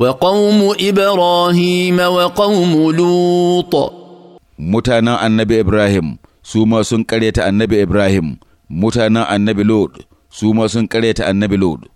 وقوم إبراهيم وقوم لوط متانا النبي إبراهيم سوما سنكريت النبي إبراهيم متانا النبي لوط سوما سنكريت النبي لوط